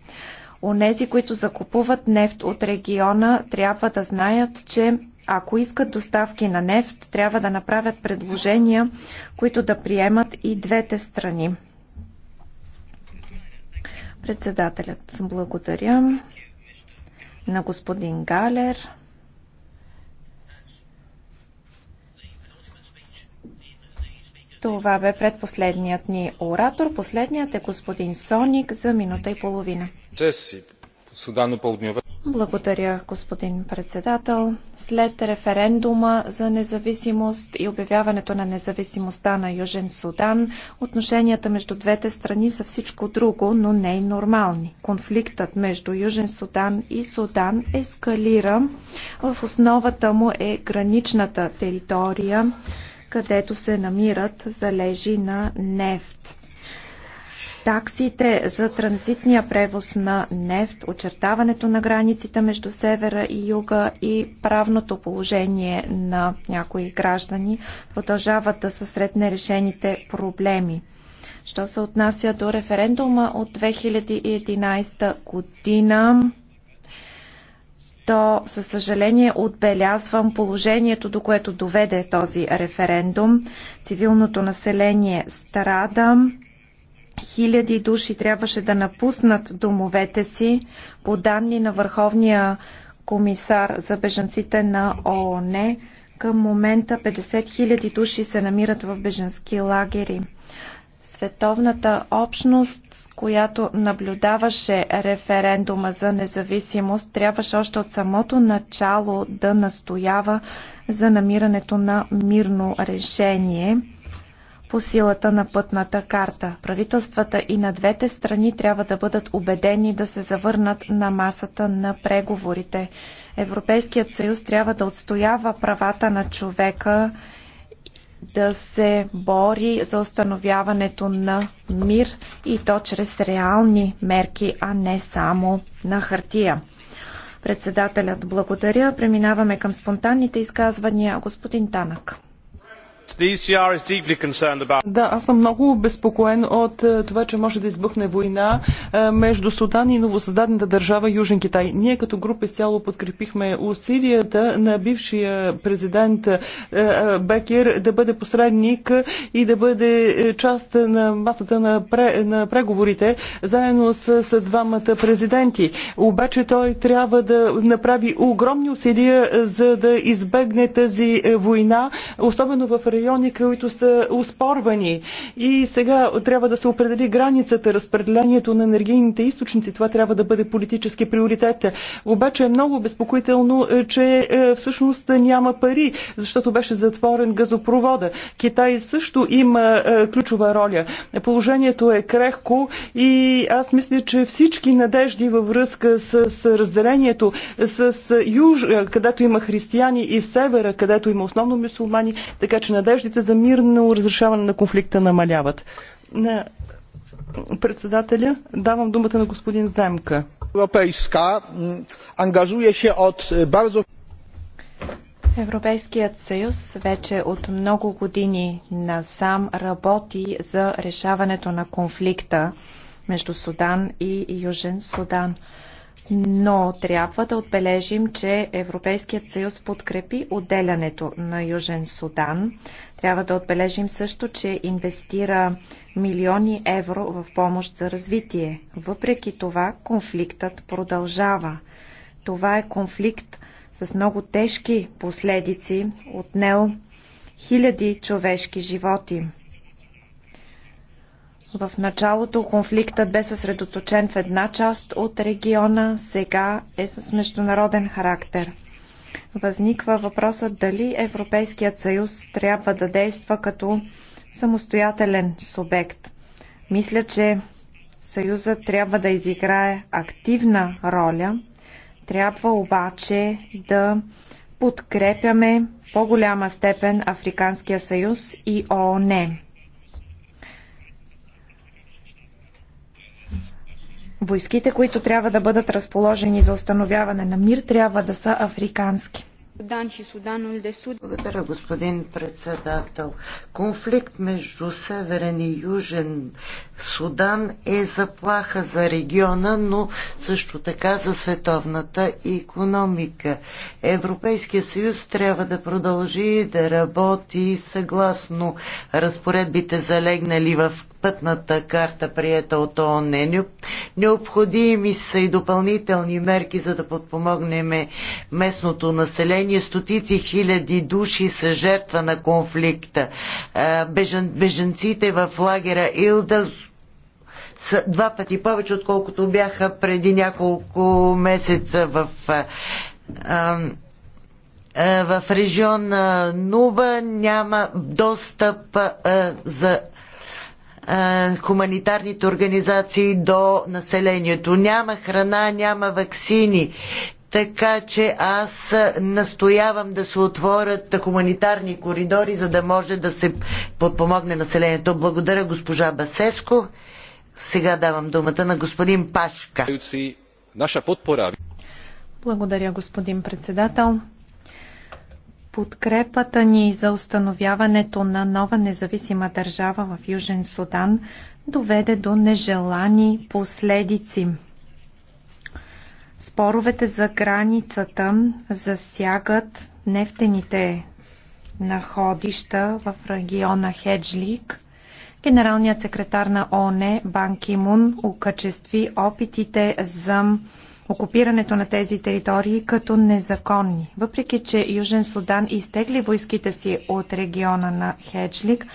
Онези, които закупуват нефт от региона, трябва да знаят, че ако искат доставки на нефт, трябва да направят предложения, които да приемат и двете страни. Председателят, благодаря на господин Галер. Това бе предпоследният ни оратор. Последният е господин Соник за минута и половина. Благодаря, господин председател. След референдума за независимост и обявяването на независимостта на Южен Судан, отношенията между двете страни са всичко друго, но не и нормални. Конфликтът между Южен Судан и Судан ескалира. В основата му е граничната територия където се намират залежи на нефт. Таксите за транзитния превоз на нефт, очертаването на границите между севера и юга и правното положение на някои граждани продължават да са сред нерешените проблеми. Що се отнася до референдума от 2011 година, то със съжаление отбелязвам положението, до което доведе този референдум. Цивилното население страда, хиляди души трябваше да напуснат домовете си. По данни на Върховния комисар за бежанците на ООН, към момента 50 хиляди души се намират в бежански лагери световната общност, която наблюдаваше референдума за независимост, трябваше още от самото начало да настоява за намирането на мирно решение по силата на пътната карта. Правителствата и на двете страни трябва да бъдат убедени да се завърнат на масата на преговорите. Европейският съюз трябва да отстоява правата на човека да се бори за установяването на мир и то чрез реални мерки, а не само на хартия. Председателят благодаря. Преминаваме към спонтанните изказвания. Господин Танък. E да, аз съм много обезпокоен от е, това, че може да избухне война е, между Судан и новосъздадената държава Южен Китай. Ние като група изцяло подкрепихме усилията на бившия президент е, Бекер да бъде посредник и да бъде част на масата на, пре, на преговорите, заедно с, с двамата президенти. Обаче той трябва да направи огромни усилия, за да избегне тази война, особено в района райони, които са успорвани. И сега трябва да се определи границата, разпределението на енергийните източници. Това трябва да бъде политически приоритет. Обаче е много безпокоително, е, че е, всъщност няма пари, защото беше затворен газопровода. Китай също има е, ключова роля. Положението е крехко и аз мисля, че всички надежди във връзка с, разделението с юж, където има християни и севера, където има основно мусулмани, така че надежда надеждите за мирно разрешаване на конфликта намаляват. На председателя давам думата на господин Земка. Европейска ангажуе се от е, бързо... Европейският съюз вече от много години насам работи за решаването на конфликта между Судан и Южен Судан но трябва да отбележим, че Европейският съюз подкрепи отделянето на Южен Судан. Трябва да отбележим също, че инвестира милиони евро в помощ за развитие. Въпреки това, конфликтът продължава. Това е конфликт с много тежки последици, отнел хиляди човешки животи. В началото конфликтът бе съсредоточен в една част от региона, сега е с международен характер. Възниква въпросът дали Европейският съюз трябва да действа като самостоятелен субект. Мисля, че съюзът трябва да изиграе активна роля, трябва обаче да подкрепяме по-голяма степен Африканския съюз и ООН. Войските, които трябва да бъдат разположени за установяване на мир, трябва да са африкански. Благодаря, господин председател. Конфликт между Северен и Южен Судан е заплаха за региона, но също така за световната економика. Европейския съюз трябва да продължи да работи съгласно разпоредбите залегнали в пътната карта, приета от ООН. Необходими са и допълнителни мерки, за да подпомогнем местното население. Стотици хиляди души са жертва на конфликта. Е, бежан, бежанците в лагера Илда са два пъти повече, отколкото бяха преди няколко месеца в е, е, в регион Нуба няма достъп за е, хуманитарните организации до населението. Няма храна, няма ваксини. Така че аз настоявам да се отворят хуманитарни коридори, за да може да се подпомогне населението. Благодаря госпожа Басеско. Сега давам думата на господин Пашка. Благодаря, господин председател. Подкрепата ни за установяването на нова независима държава в Южен Судан доведе до нежелани последици. Споровете за границата засягат нефтените находища в региона Хеджлик. Генералният секретар на ОНЕ Бан Кимун окачестви опитите за окупирането на тези територии като незаконни. Въпреки, че Южен Судан изтегли войските си от региона на Хеджлик,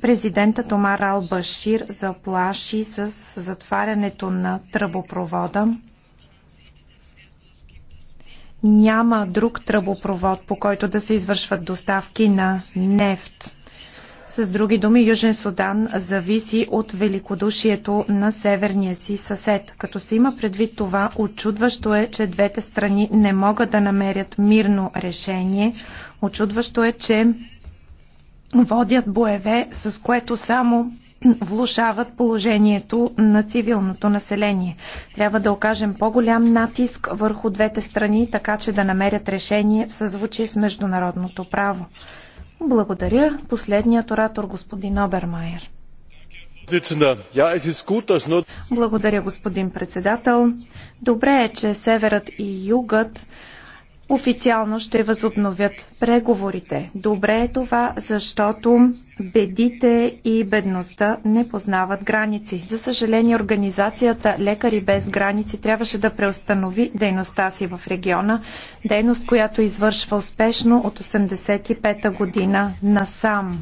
президентът Омар Ал-Башир заплаши с затварянето на тръбопровода няма друг тръбопровод, по който да се извършват доставки на нефт. С други думи, Южен Судан зависи от великодушието на северния си съсед. Като се има предвид това, очудващо е, че двете страни не могат да намерят мирно решение. Очудващо е, че водят боеве, с което само влушават положението на цивилното население. Трябва да окажем по-голям натиск върху двете страни, така че да намерят решение в съзвучие с международното право. Благодаря. Последният оратор господин Обермайер. Е, Благодаря, господин председател. Добре е, че северът и югът официално ще възобновят преговорите. Добре е това, защото бедите и бедността не познават граници. За съжаление, организацията Лекари без граници трябваше да преустанови дейността си в региона, дейност, която извършва успешно от 85-та година насам.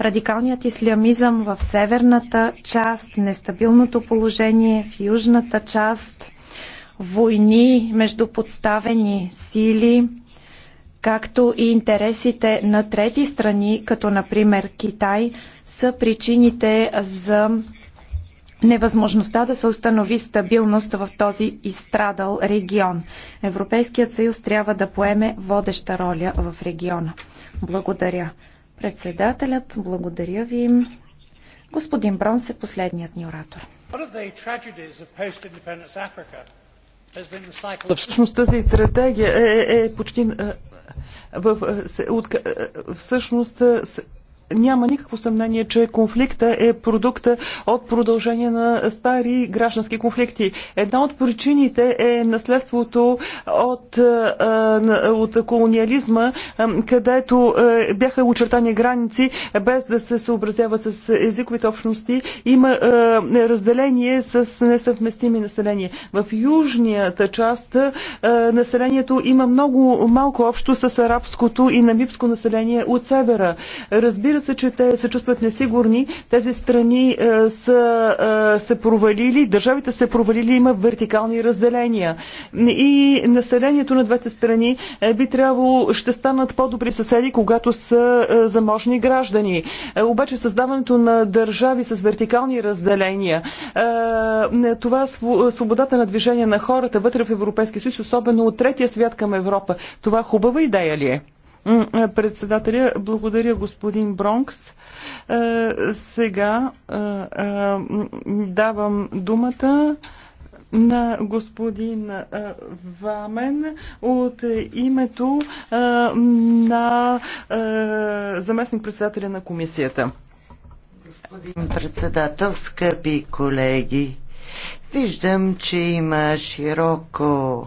Радикалният ислямизъм в северната част, нестабилното положение в южната част – войни между подставени сили, както и интересите на трети страни, като например Китай, са причините за невъзможността да се установи стабилност в този изстрадал регион. Европейският съюз трябва да поеме водеща роля в региона. Благодаря. Председателят, благодаря ви. Господин Бронс е последният ни оратор. Всъщност тази стратегия е, е, е почти е, в, е, се, от, всъщност няма никакво съмнение, че конфликта е продукта от продължение на стари граждански конфликти. Една от причините е наследството от, е, е, от колониализма, е, където бяха очертани граници, без да се съобразяват с езиковите общности. Има разделение с несъвместими населения. В южнията част населението има много малко общо с арабското и намибско население от севера. Разбира се, че те се чувстват несигурни. Тези страни е, са е, се провалили, държавите се провалили, има вертикални разделения. И населението на двете страни е, би трябвало, ще станат по-добри съседи, когато са е, заможни граждани. Е, обаче създаването на държави с вертикални разделения, е, това свободата на движение на хората вътре в Европейския съюз, особено от третия свят към Европа, това хубава идея ли е? Е, председателя, благодаря господин Бронкс. Е, сега е, давам думата на господин Вамен от името на заместник-председателя на комисията. Господин председател, скъпи колеги, виждам, че има широко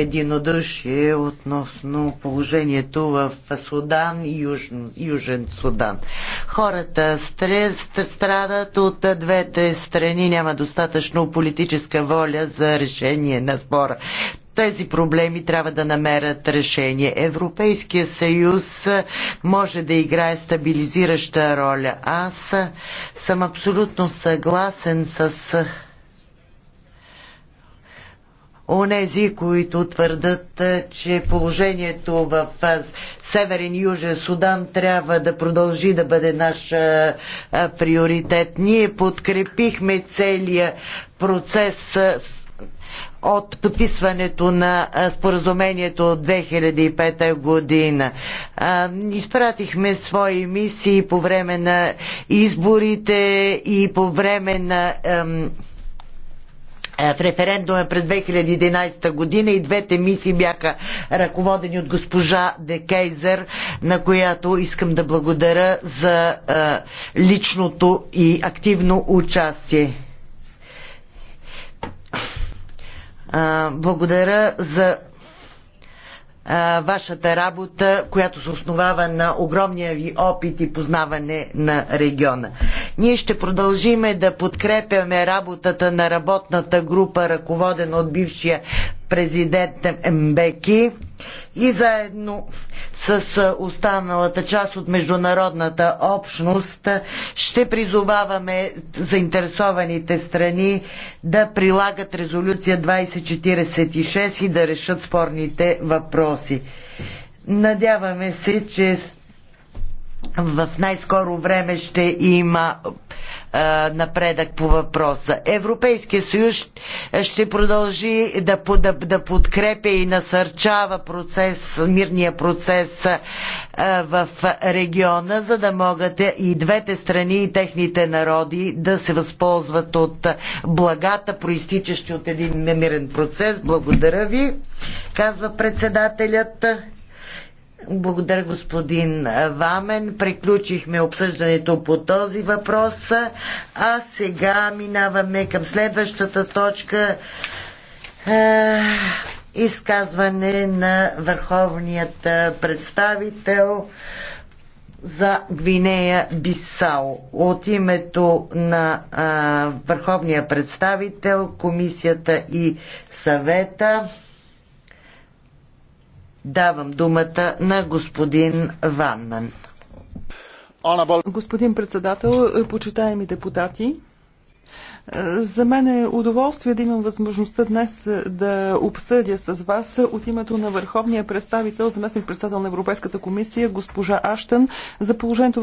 единодушие относно положението в Судан и Южен, Южен Судан. Хората страдат от двете страни, няма достатъчно политическа воля за решение на спора. Тези проблеми трябва да намерят решение. Европейския съюз може да играе стабилизираща роля. Аз съм абсолютно съгласен с онези, които твърдат, е, че положението в е, Северен и Южен Судан трябва да продължи да бъде наш е, приоритет. Ние подкрепихме целия процес от подписването на споразумението от 2005 година. Изпратихме свои мисии по време на изборите и по време на е, в референдума през 2011 година и двете мисии бяха ръководени от госпожа Декейзер, на която искам да благодаря за е, личното и активно участие. Е, благодаря за вашата работа, която се основава на огромния ви опит и познаване на региона. Ние ще продължиме да подкрепяме работата на работната група, ръководена от бившия президент Мбеки и заедно с останалата част от международната общност ще призоваваме заинтересованите страни да прилагат резолюция 2046 и да решат спорните въпроси. Надяваме се, че в най-скоро време ще има а, напредък по въпроса. Европейския съюз ще продължи да, да, да подкрепя и насърчава процес, мирния процес а, в региона, за да могат и двете страни и техните народи да се възползват от благата, проистичащи от един мирен процес. Благодаря ви, казва председателят. Благодаря, господин Вамен. Приключихме обсъждането по този въпрос. А сега минаваме към следващата точка. Е, изказване на върховният представител за Гвинея Бисао. От името на а, е, върховния представител, комисията и съвета Давам думата на господин Ванман. Господин председател, почитаеми депутати, за мен е удоволствие да имам възможността днес да обсъдя с вас от името на върховния представител, заместник председател на Европейската комисия, госпожа Аштън, за положението